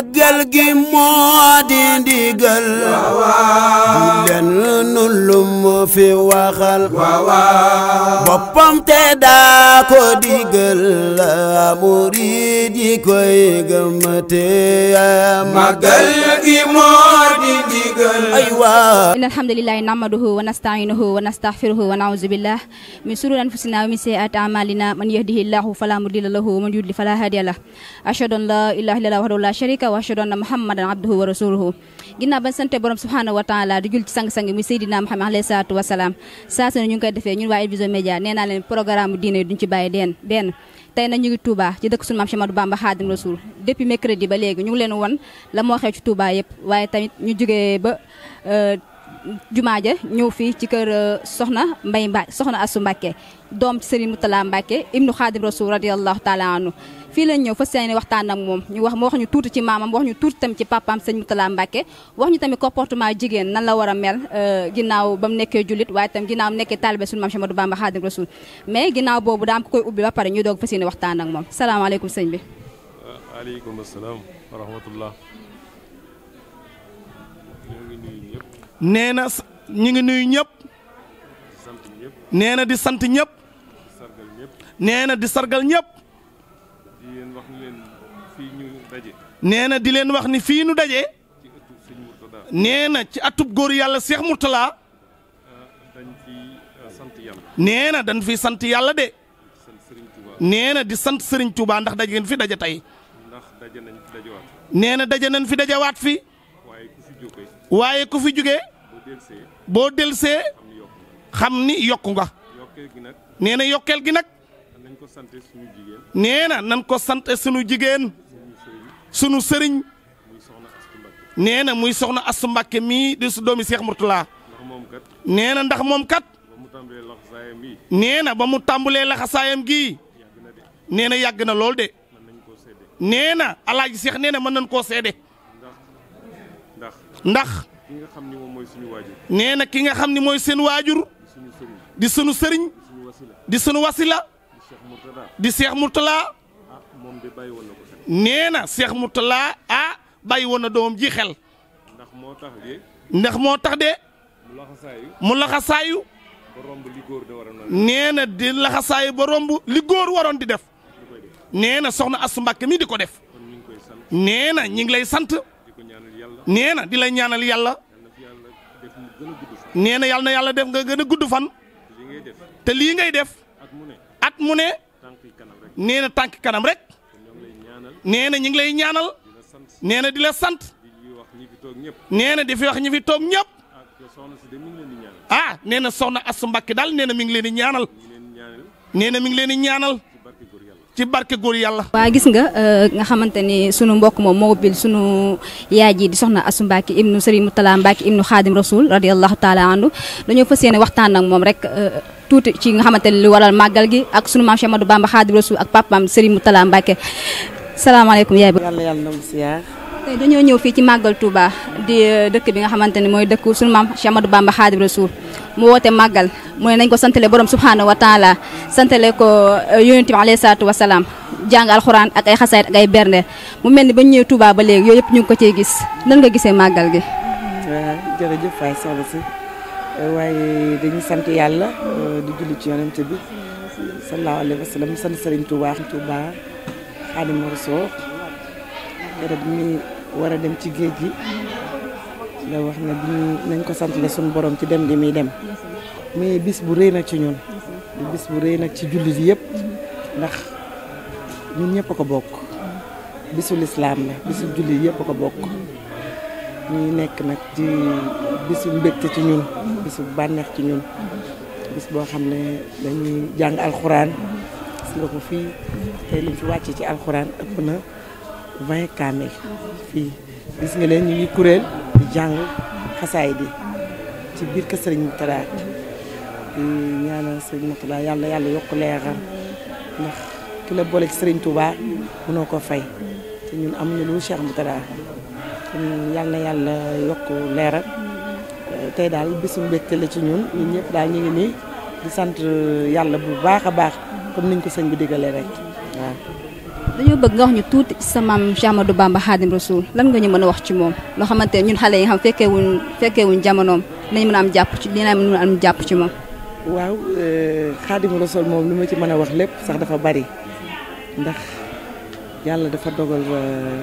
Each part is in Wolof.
màggal gi moo di ndigal lenn nu lu mu fi waxal boppam te daa ko digal murid yi koy gëmate màggal gi moo di ndigal aywa inna alhamdulillahi nahmaduhu wa nasta'inuhu wa nastaghfiruhu wa na'udhu billahi min shururi anfusina wa min sayyi'ati a'malina man yahdihillahu fala mudilla lahu wa man yudlil fala hadiya lahu ashhadu an la ilaha illallah wahdahu la sharika wa ashhadu muhammadan abduhu wa rasuluhu ginnaaw bañ sante borom subhanahu di jul ci sang-sang mu seydina muhammad alayhi salaatu wasalaam saa su ne ñu ngi defee ñun waa El Vision Médias nee leen programme diine yi duñ ci bàyyi deen deen tey ñu ngi Touba ci dëkk suñu maam Cheikh Ahmadou Bamba Khadim Rasoul depuis mercredi ba léegi ñu leen won la moo xew ci Touba waaye tamit ñu jógee ba euh, jumaa ja ñëw fii ci kër euh, soxna mbay mba soxna asu mbàkke doom ci sëriñ mutala mbàkke ibnu xaadim rasul radiallahu taala anhu fii lañ ñëw fas yéene waxtaan ak moom ñu wax mu wax ñu tuuti ci maamam wax ñu tuuti tamit ci papaam sëñ mutala mbàkke wax ñu tamit comportement jigéen nan la war a mel euh, ginnaaw ba mu nekkee jullit waaye tam ginnaaw mu nekkee taalibe suñu maam Ahmadou Bamba xaadim rasul mais ginnaaw boobu daam ko koy ubbi ba pare ñu moom salaamaaleykum sëñ nee na ñu ngi nuyu ñëpp nee na di sant ñëpp nee na di sargal ñëpp nee na di leen wax ni fii nu daje nee na ci atub góor yàlla Seex Murtala nee na dañ fiy sant yàlla de nee di sant Serigne Touba ndax daje ngeen fi daje tey nee na daje nañ fi dajewaat fi waaye ku fi jóge boo delsee xam ni yokku nga nee na yokkeel gi nag nee na nan ko sante sunu jigéen sunu sëriñ nee na muy soxna Astu Mbàkke mii di su doomi Seex Murtala nee na ndax moom kat nee na ba mu tàmbalee laxasaayam gii nee na yàgg na lool de nee na alaaji Seex nee na mën nañ koo seede ndax nee na ki nga xam ni mooy seen waajur di sunu sëriñ di sunu wasila di seex murtala ah, nee na seex murtala ah bàyyi woon na doom ji xel ndax moo tax de mu laxasaayu nee na di laxasaayu ba romb li góor waroon di def nee na soxna Asu Mbàkke mi di ko def nee na ñi ngi lay sant nee na di la ñaanal yàlla nee na yàlla na yàlla def nga gën a gudd fan te lii ngay def at mu ne nee na tànk kanam rek nee na ñu ngi lay ñaanal nee na di la sant nee na di fi wax ñi fi toog ñëpp ah nee na soxna Asu Mbàkke daal nee na mi ngi leen di ñaanal nee na mi ngi leen di ñaanal ci barke góor yàlla. waa gis nga euh, nga xamante ni sunu mbokk moom mobile sunu yaay ji di soxna Asu Mbacke ibnu Serigne Moutala Mbacke ibnu Xaadim Rasul radiyallahu taala anhu dañoo fas yéene waxtaan ak moom rek. Euh, tuuti ci nga xamante ne lu waral màggal gi ak sunu maam Cheikh Amadou Bamba Xaadim Rasul ak papaam Serigne Moutala Mbacke salaamaaleykum yaay bi yàlla yàlla na mu siyaar. ñëw fii ci màggal Touba di euh, dëkk bi nga xamante ne mooy dëkk sunu maam Cheikh Amadou Bamba Xaadim Rasul mu woote màggal mu ne nañ ko santale borom subhaanahu wa taala santale ko euh, yonent bi alayhi salaatu wa jàng alxuraan ak ay xasaayit ak ay bernde mu mel ni ba ñëwee Touba ba léegi yooyu yëpp ñu ngi ko cee gis nan nga gisee màggal gi. Mm-hmm. waaw jërëjëf waay soxna si euh, waaye dañuy sant yàlla euh, di julli ci yonent bi sallallahu alayhi wa sallam sant Serigne Touba Touba Xaadimu Rasuul mi war a dem ci géej gi. la wax ne bi nañ ko santale suñu borom ci dem gi muy dem mais bis bu rëy nag ci ñun bis bu rëy nag ci jullit yëpp ndax ñun ñëpp ko bokk bisu lislaam la bisu jullit yëpp ko bokk ñuy nekk nag ci bisu mbégte ci ñun bisu bànneex ci ñun bis boo xam ne dañuy jàng alxuraan gis nga ko fii tey liñ fi wàcce ci alxuraan ëpp na vingt kaamil fii gis nga leen ñu ngi kuréel jàng xasaay bi ci biir kër sëriñ Mourtada di ñaanal sëriñ Mourtada yàlla yàlla yokk leeram ndax ki la boole ci sëriñ Touba mënoo ko fay te ñun am ñu lu Cheikh Mourtada kon yàlla yàlla yokk leeram tey daal bisu mbégte la ci ñun ñun ñëpp daal ñu ngi nii di sant yàlla bu baax a baax comme niñ ko sëñ bu diggalee rek waaw dañoo bëgg nga wax ñu tuuti sa maam Cheikh Ahmadou Bamba Xaadim Rasul lan nga ñu mën a wax ci moom loo xamante ñun xale yi nga xam fekkee wuñ fekkee wuñ jamonoom dinañ mën a am jàpp ci dinañ a jàpp ci moom. waaw Xaadim euh, Rasul moom lu ma ci mën a wax lépp sax dafa bari ndax yàlla dafa dogal euh,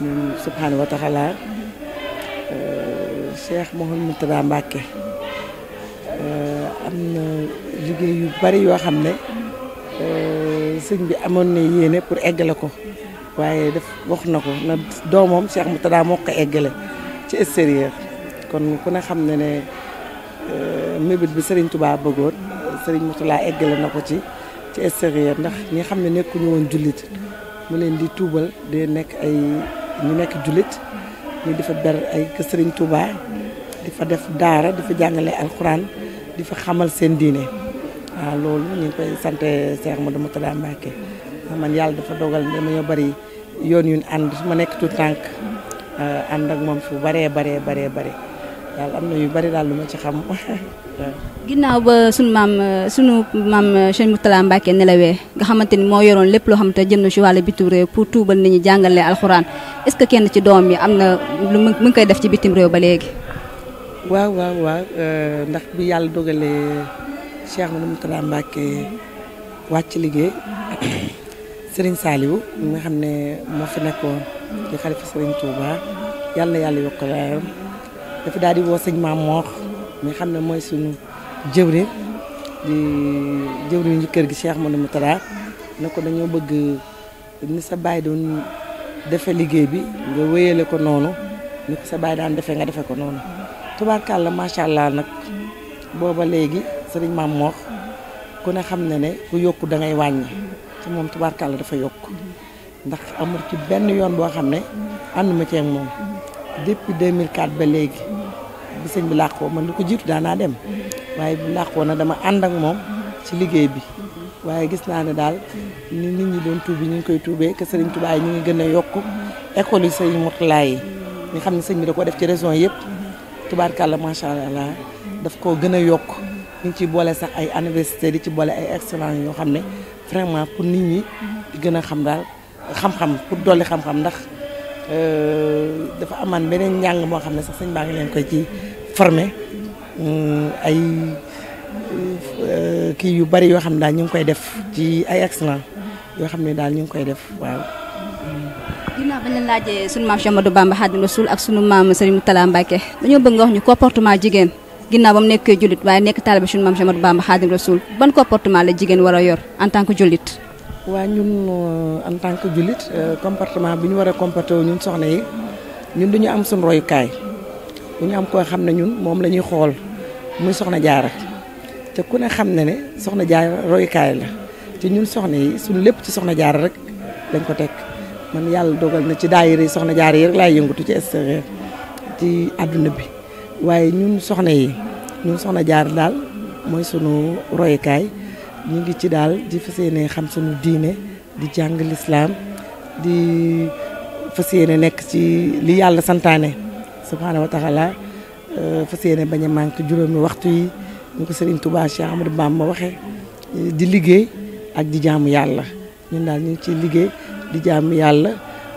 ñun subhaanahu wa taala euh, Cheikh Mouhamadou Mourtada Mbacké am na liggéey yu bari yoo xam ne. sëñ bi amoon na yéene pour eggale ko waaye def wax na ko na doomam Cheikh Moutada moo ko eggale ci extérieur kon ku ne xam ne ne euh, mébét bi sëriñ tubaa bëggoon sëriñ Serigne Moutada eggale na ko ci ci extérieur ndax ñi xam ne nekkuñu woon jullit mu leen di tuubal di nekk ay ñu nekk jullit ñu di ber ay kër Serigne Touba di fa def daara dafa jàngale alxuraan di fa xamal seen diine. waaw loolu ñu ngi koy sante Cheikh Modou Mourtada Mbacké ndax man yàlla dafa dogal dama ñoo bari yoon yu ñu ànd ma nekk tout tànk euh, ànd ak moom fu baree baree bare daal am na yu bari daal lu ma ci xam. ginnaaw ba sunu maam sunu maam Cheikh Mourtada Mbacké nelawee nga xamante ni moo yoroon lépp loo xam te jëm na ci wàllu bitim réew pour tuubal nit ñi jàngale alxuraan est-ce que kenn ci doom yi am na lu mu ngi koy def ci bitim réew ba léegi. waaw waaw waaw euh, ndax bi Cheikh mu Mourtada Mbacké wàcc liggéey ak Serigne Saliou nga xam ne moo fi nekkoon di xalifa Serigne Touba yàlla yàlla yokk laayam dafa daal di woo sëñ Maam Moor mi nga xam ne mooy suñu jëwriñ di jëwriñu kër gi Cheikh Mouhamadou Mourtada ne ko dañoo bëgg ni sa baay doon defe liggéey bi nga wéyale ko noonu ni ko sa baay daan defee nga defe ko noonu tubaarkàlla macha allah nag booba léegi sëriñ Maam Moor ku ne xam ne ne ku yokk dangay wàññi te moom tubaar tubaarkàlla dafa yokk ndax amul ci benn yoon boo xam ne ànduma ci ak moom depuis 2004 ba léegi bi sëñ bi làqoo man lu ko jiitu daanaa dem waaye bu làqoo na dama ànd ak moom ci liggéey bi waaye gis naa ne daal ni nit ñi doon bi ñu ngi koy tuubee que sëriñ Tuubaa yi ñu ngi gën a yokk école yi sëriñ Murtalaa yi nga xam ne sëñ bi da ko def ci région yëpp tubaarkàlla macha allah daf koo gën a yokk ci bolé sax ay université di ci bolé ay excellence yo xamné vraiment pour nit ñi di gëna xam dal xam-xam pour doli xam-xam ndax euh dafa amane benen ñang mo xamné sax sëñ baa ngi leen koy ci formé euh ay euh, ki yu bari yo xam dal ñu koy def ci ay excellence yo xamné dal ñu koy def waaw dina bañ leen laajee sunu mam chamadou Bamba hadim rasoul ak sunu mam Serigne Moutala mbake dañu bëgg wax ñu comportement jigéen ginnaaw ba mu nekkee jullit waaye nekk taalibe suñu maam Cheikh Ahmadou Bamba Xaadim Rasul ban comportement la jigéen war a yor en tant que jullit. waa ñun euh, en tant que jullit euh, comportement bi ñu war a comporté ñun soxna yi ñun ñu am suñu royukaay duñu am koo xam ne ñun moom la ñuy xool muy soxna jaara te ku ne xam ne ne soxna jaara royukaay la te ñun soxna yi suñu lépp ci soxna jaar rek lañ ko teg man yàlla dogal na ci daayira soxna jaara yi rek laay yëngatu ci extérieur ci àdduna bi. waaye ñun soxna yi ñun soxna jaar daal mooy suñu royukaay ñu ngi ci daal di fas yéene xam suñu diine di jàng lislaam di fas yéene nekk ci li yàlla santaane subhaanahu wa taala euh, fas yéene bañ manqué juróomi waxtu yi ñu ko Serigne Touba Cheikh Amadou ma waxe di liggéey ak di jaamu yàlla ñun daal ñu ngi ciy liggéey di jaamu yàlla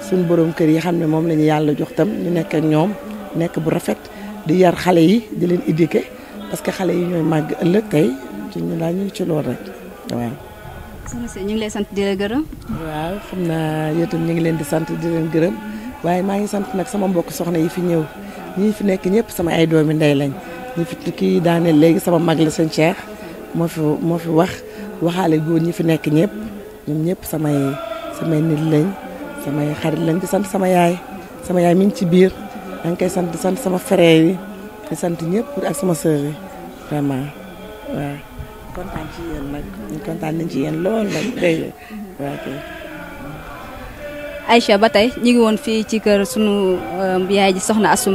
suñu borom kër yi xam ne moom lañu yàlla jox tam ñu nekk ak ñoom nekk bu rafet di yar xale yi di leen éduquer parce que xale yi ñooy màgg ëllëg tey ci ñu laa ñu ci loolu rek waaw. ñu ngi lay sant di gërëm. waaw xam naa yow tam ñu ngi leen di sant di leen gërëm waaye maa ngi sant nag sama mbokk soxna yi fi ñëw ñi fi nekk ñëpp sama ay doomi ndey lañ ñi fi kii daaneel léegi sama mag la seen Cheikh moo fi moo fi wax waxaale góor ñi fi nekk ñëpp ñoom ñëpp samay samay nit lañ samay xarit lañ di sant sama yaay sama yaay mu ngi ci biir. maa koy sant di sama frère yi di sant ñëpp ak sama sœur yi vraiment waaw kontaan ci yéen nag ñu kontaan nañ ci yéen lool nag dégg nga waaw kay Aïcha ba tey ñu ngi woon fii ci kër sunu euh, yaay ji soxna asu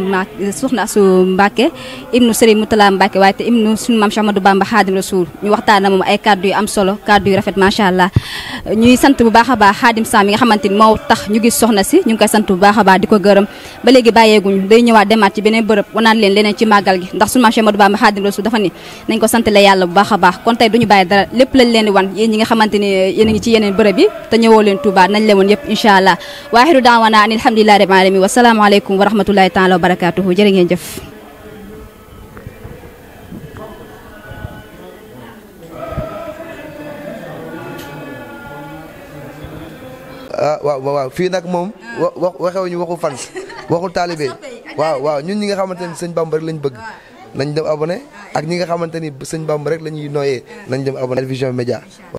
soxna asu Mbacke ibnu Sëriñ Moutala Mbacke waaye te ibnu sunu maam Cheikh Ahmadou Bamba Xaadim Rasul ñu waxtaan moom ay kàddu yu am solo kàddu yu rafet macha allah ñuy bu baax baax Xaadim Sam mi nga xamante ni moo tax ñu gis soxna si ñu ngi koy sant bu baax a baax di ko gërëm ba léegi bàyyeeguñu day ñëwaat demaat ci beneen bërëb wanaan leen leneen ci màggal gi ndax sunu maam Cheikh Ahmadou Bamba Xaadim Rasul dafa ni nañ ko sant la yàlla bu baax a baax kon tey duñu bàyyi dara lépp lañ leen di wan yéen ñi nga xamante ni yéen a ngi ci yeneen bërëb yi te waaxiru daawana an alhamdulilahi rabbil alamin wasalaamaaleykum wa rahmatullahi taala wa barakatuhu jërë ngeen jëf ah waaw fii nag moom wax waxewuñu waxu fans waxul taalibe waaw waaw ñun ñi nga xamante ni sëñ Bamba lañ bëgg nañ dem abonné ak ñi nga xamante ni sëñ Bamba rek la ñuy nooyee nañ dem abonné média